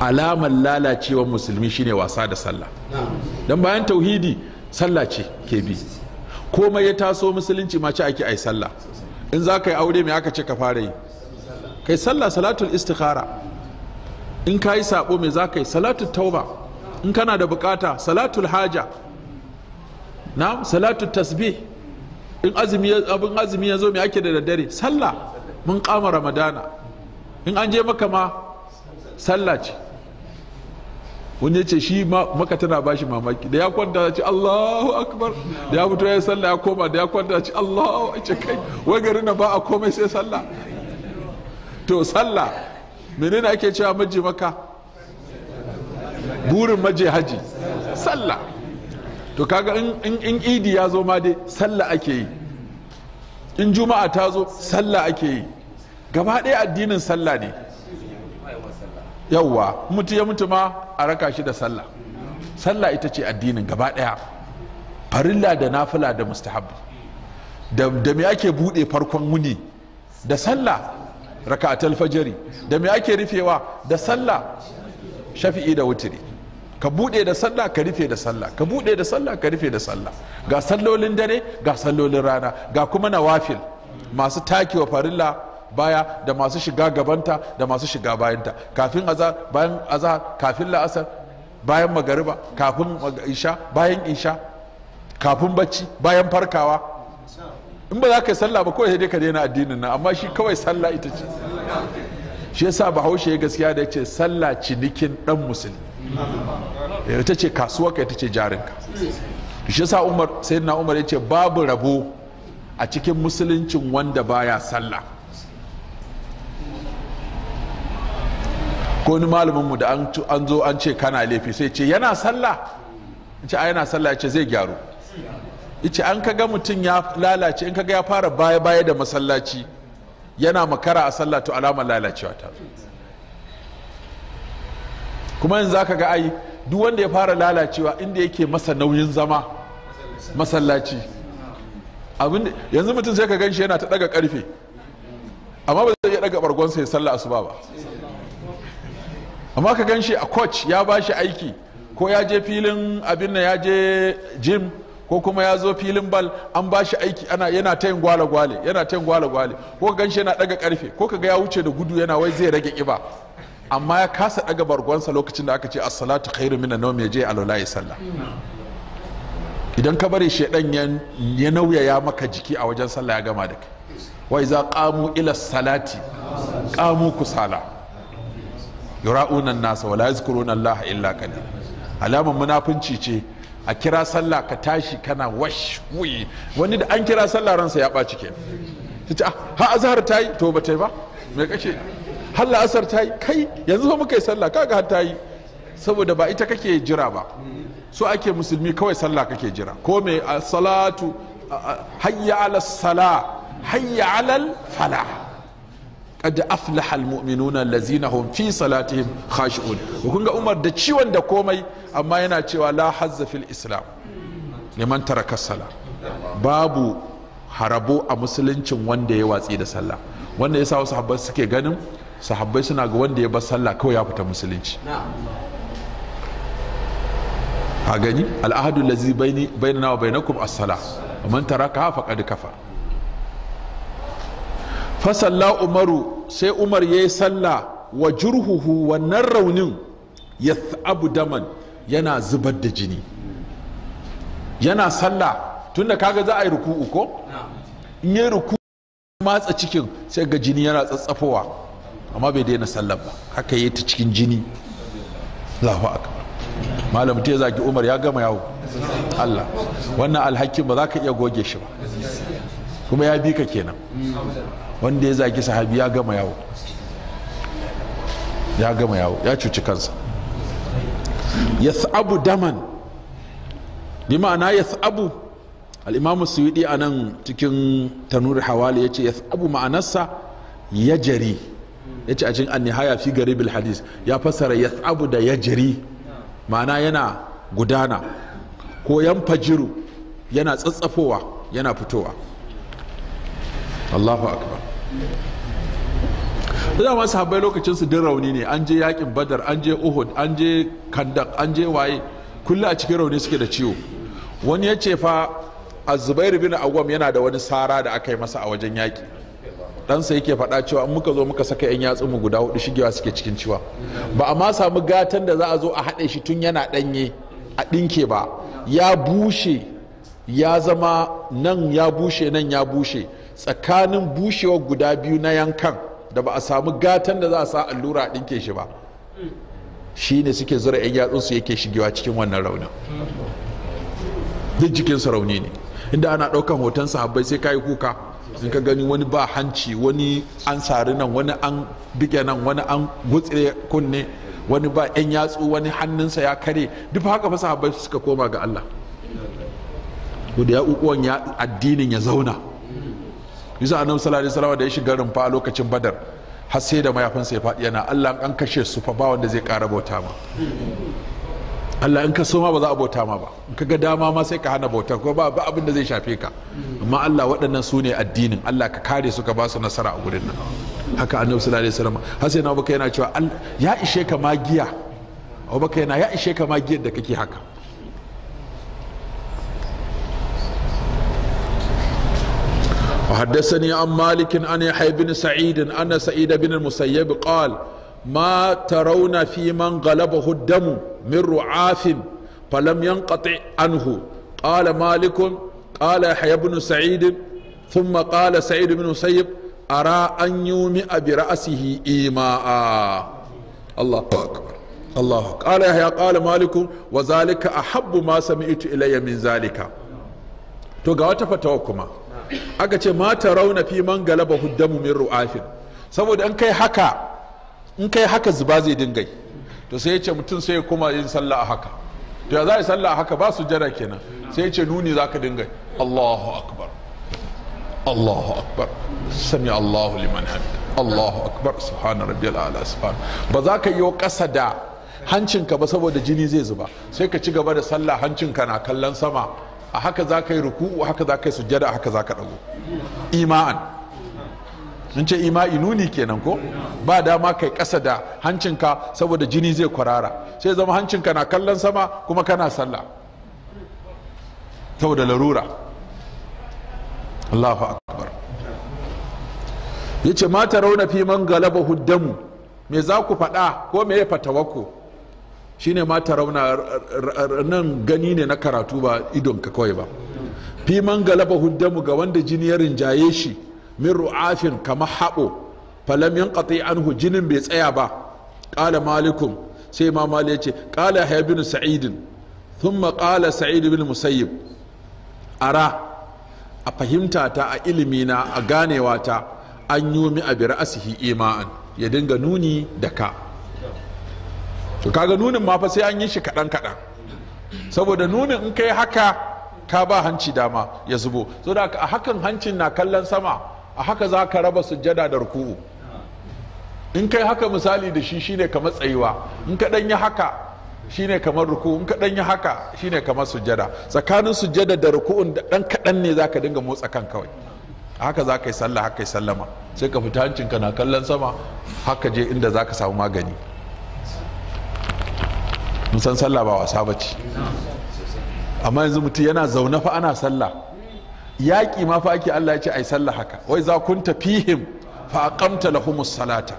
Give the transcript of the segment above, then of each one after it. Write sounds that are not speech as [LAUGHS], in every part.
alamar lalacewar musulmi shine wasa da sallah don bayan tauhidi sallah ce ke bi komai ya taso musulunci ma ci ake ai sallah in za ka yi aure mai aka ce ka fara yi kai sallah salatul istikhara in ka yi sabo mai za ka yi salatul tauba in kana da bukata salatul haja na salatul tasbih in azumi ya zo mai ake da daddare sallah mun kama ramadana in an je maka ma sallah ce wani ce shi maka tana ba shi mamaki da ya kwanta ce allahu akbar da ya fito ya sallah ya koma da ya kwanta ce allahu a kai wai gari na ba a komai sai sallah to sallah menene ake cewa maji maka burin maje haji sallah to kaga in idi ya zo ma dai sallah ake yi in juma'a ta zo sallah ake yi gaba ɗaya addinin sallah ne yauwa mutu ya mutu ma a raka shi da sallah sallah ita ce addinin gaba ɗaya farilla da nafila da mustahabbi da me ake buɗe farkon wuni da sallah raka'atul fajari da me ake rufewa da sallah shafi'i da wutiri ka buɗe da sallah ka rufe da sallah ka buɗe da sallah ka rufe da sallah ga sallolin dare ga sallolin rana ga kuma nawafil masu takewa farilla baya da masu shiga gabanta da masu shiga bayanta kafin azar bayan azar kafin la'asar bayan magariba kafin isha bayan isha kafin bacci bayan farkawa in ba za ka yi sallah ba kawai dai ka daina addinin nan amma shi kawai sallah ita ce shi yasa bahaushe ya gaskiya da ya ce sallah cinikin dan musulmi eh, ita ce kasuwa ka ita ce jarinka shi yasa umar sayyidina umar ya ce babu rabo a cikin musuluncin wanda baya sallah ko ni malaminmu da an zo an ce kana laifi sai ce yana sallah ce a yana sallah ya ce zai gyaru ce an kaga mutum ya lalace in kaga ya fara baya baya da masallaci yana makara a sallah to alamar lalacewa ta kuma yanzu zaka ga ai duk wanda ya fara lalacewa inda yake masa nauyin zama masallaci abin yanzu mutum sai ka ganshi yana ta daga karfe amma ba zai iya daga bargonsa ya sallah asuba ba amma ka gan shi a coach ya ba shi aiki ko ya je filin abin nan ya je gym ko kuma ya zo filin bal an ba shi aiki ana yana ta yin gwale-gwale yana ta yin gwale-gwale ko ka gan shi yana daga karfe ko ka ga ya wuce da gudu yana wai zai rage kiba amma ya kasa daga bargonsa lokacin da aka ce as-salatu khairu minan nawm ya je alwala ya sallah idan ka bari shaidan ya nauyaya maka jiki a wajen sallah ya gama da kai wai za qamu ila salati qamu kusala yura'una nasa wala yazkuruna Allah illa qalila alaman munafunci ce a kira sallah ka tashi kana wash wuyi wani da an kira sallah ransa ya ɓaci ke ah, ha azhar ta yi to ba ta yi ba me kake har Asar ta yi kai yanzu fa muka yi sallah kaga har ta yi saboda ba ita kake jira ba so ake musulmi kawai sallah kake jira ko me salatu hayya ala sala hayya ala falah qad aflaha almu'minuna allazina hum fi salatihim khashi'un kun ga Umar da ciwon da komai amma yana cewa la hazza fil islam liman taraka sala babu harabo a musuluncin wanda ya watsi da sallah wanda yasa wasu sahabbai suke ganin sahabbai suna ga wanda ya bar sallah kawai ya fita musulunci a gani al'ahadu lazi bainana wa bainakum as-sala man taraka faqad kafara fasalla umaru sai umar ya yi salla wa jurhuhu wannan raunin ya abu daman yana zubar da jini yana salla tunda kaga za a yi ruku ko in yi ruku matsa cikin sai ga jini yana tsatsafowa amma bai daina sallar ba haka yi ta cikin jini lafa aka malam ta zaki umar ya gama yawo allah wannan alhakin ba za ka iya goge shi ba kuma ya bi ka kenan wanda ya zaki sahabi ya gama yawo ya gama yawo ya cuci kansa ya abu daman bi ma'ana ya abu al'imamu suyudi a nan cikin tanuri hawali ya ce ya abu ma'anarsa ya jari ya ce a cikin annihaya fi gari bil hadis ya fassara ya abu da ya jari ma'ana yana gudana ko yan fajiru yana tsatsafowa yana fitowa Allahu akbar dama sahabbai lokacin su din rauni ne an je yakin badar an je uhud an je kandak an je waye kulla a cikin rauni suke da ciwo wani ya ce fa azubair bin agwam yana da wani sara da aka yi masa a wajen yaki ɗansa yake faɗa cewa an muka zo muka saka yan yatsu mu guda hudu shigewa suke cikin ciwa ba a ma samu gatan da za a zo a haɗe shi tun yana ɗanye a ɗinke ba ya bushe ya zama nan ya bushe nan ya bushe tsakanin bushewar guda biyu na yankan da ba a samu gatan da za a sa allura a ɗinke shi ba shi ne suke zura 'yan yatsunsu yake shigewa cikin wannan raunin duk jikinsu rauni ne inda ana ɗaukan hoton sahabbai sai kayi kuka sun ka gani wani ba hanci wani an sari nan wani an bige nan wani an gutsire kunne wani ba 'yan yatsu wani hannunsa ya kare duk haka fa sahabbai suka koma ga Allah. ya addinin ya zauna. yasa annabi sallallahu alaihi da ya shiga rumfa a lokacin badar har sai da mayafin ya faɗi yana Allah an kashe su fa ba wanda zai ƙara bauta ma Allah in ka so ma ba za a bauta ma ba in ka ga dama ma sai ka hana bauta ko ba abin da zai shafe ka amma Allah waɗannan su ne addinin Allah ka kare su ka ba su nasara a gurin nan haka annabi sallallahu alaihi wasallam har sai na baka yana cewa ya ishe ka magiya Abubakar yana ya ishe ka magiyar da kake haka وحدثني عن مالك عن يحيى بن سعيد أن سعيد بن المسيب قال ما ترون في من غلبه الدم من رعاف فلم ينقطع عنه قال مالك قال يحيى بن سعيد ثم قال سعيد بن المسيب أرى أن يومئ برأسه إيماء الله أكبر الله قال يحيى قال مالك وذلك أحب ما سمعت إلي من ذلك to ga wata fatawa kuma aka ce mata rauna fi man galaba huddamu min ru'afin saboda in kai haka in kai haka zuba zai dingai to sai ya ce mutum sai kuma yin sallah a haka to ya za a yi sallah a haka ba su jara kenan sai ya ce nuni za ka dingai Allahu akbar Allahu akbar sami Allahu liman hamd Allahu akbar subhana rabbi ala subhana ba za ka yi kasa da hancinka ba saboda jini zai zuba sai ka ci gaba da sallah hancinka na kallon sama a haka za ka yi ruku'u haka za ka yi sujjada a haka za ka ɗago ima'an sun ce ima'i nuni kenan ko ba dama kai ƙasa da hancinka saboda jini zai kwarara sai zama hancinka na kallon sama kuma kana sallah saboda larura Allahu akbar yace mata rauna fi man galaba huddamu me za ku faɗa ko me ya fatawako shine ma tarauna nan gani ne na karatu ba idon ka kawai ba fi man galaba huddamu ga wanda jini ya rinjaye shi min ru'afin kamar haɓo falam an anhu jinin bai tsaya ba qala malikum sai ma mali ya ce qala yahya bin sa'id thumma qala sa'id bin musayyib ara a fahimta ta a ilimina a ganewa ta an yi mi a bi ra'asihi ima'an ya dinga nuni da ka to kaga nunin ma fa sai an yi shi kaɗan kaɗan saboda nunin in kai haka ka ba hanci dama ya zubo so da a hakan hancin na kallon sama a haka za ka raba sujjada da ruku'u in kai haka misali da shi shine kamar tsayuwa in ka dan yi haka shine kamar ruku'u in ka dan yi haka shine kamar sujjada tsakanin sujjada da ruku'un da ɗan kaɗan ne za ka dinga motsa kan kawai haka za ka yi sallah haka yi sallama sai ka fita hancin ka na kallon sama haka je inda za ka samu magani mun san sallah ba wasa ba ce amma yanzu mutum yana zaune fa ana sallah yaƙi ma fa ake Allah ya ce ai sallah haka wai za kun tafihim fa aqamta lahumus salata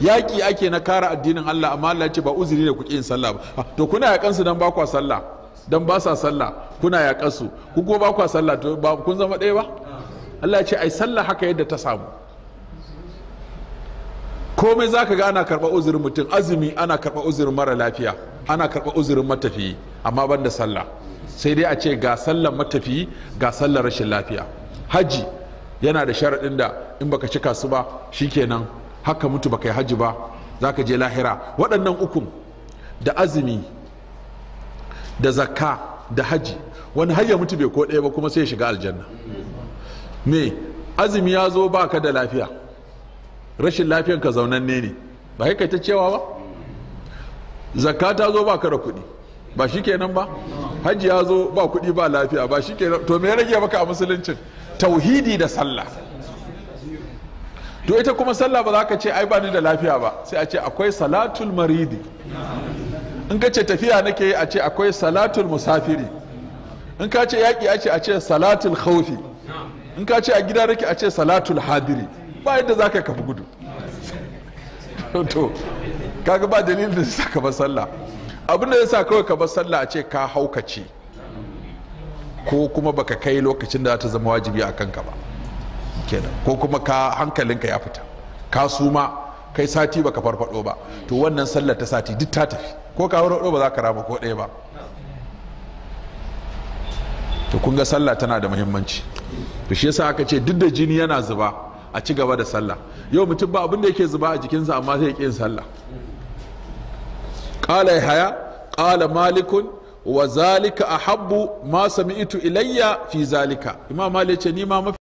yaƙi ake na kara addinin Allah amma Allah ya ce ba uzuri ne ku yin sallah ba ah, to kuna yaƙan su dan ba kwa sallah dan ba sa sallah kuna yaƙan su ku kuma ba kwa sallah to ba kun zama ɗaya ba Allah ya ce ai sallah haka yadda ta samu komai zaka ga ana karɓar uzurin mutum azumi ana karɓa uzurin mara lafiya ana karɓa uzurin matafiyi amma ban da sallah sai dai a ce ga sallar matafiyi ga sallar rashin lafiya hajji yana da sharaɗin da in baka cika su ba kenan haka mutu baka yi hajji ba za ka je lahira waɗannan ukun da azumi da zakka da hajji wani har ya mutu bai ko ɗaya ba kuma sai ya shiga aljanna me azumi ya zo ba ka da lafiya rashin lafiyan ka zaunanne ne ba kai ta cewa ba zakka ta zo ba ka da kuɗi ba shi kenan ba hajji ya zo ba kuɗi ba lafiya ba shi kenan to me rage maka a musuluncin tauhidi da sallah to ita kuma sallah ba za ka ce ai bani da lafiya ba sai a ce akwai salatul maridi in ka ce tafiya nake yi a ce akwai salatul musafiri in ka ce yaƙi a ce a ce salatul khaufi in ka ce a gida nake a ce salatul hadiri ba yadda za ka kafi gudu [LAUGHS] kaga ba dalilin da sa ka bar sallah abin da sa kawai ka bar sallah a ce ka haukace ko kuma baka kai lokacin da za ta zama wajibi a kanka ba kenan ko kuma ka hankalinka ya fita ka suma kai sati baka farfado ba to wannan sallar ta sati duk ta tafi ko ka farfado ba za ka rama ko ɗaya ba to kun ga sallah tana da muhimmanci to shi yasa aka ce duk da jini yana zuba a ci gaba da sallah yau mutum ba abin da yake zuba a jikinsa amma sai yin sallah qala yahya ƙala malikun wa zalika ahabbu ma sami'tu ilayya fi zalika imam malik ce ni ma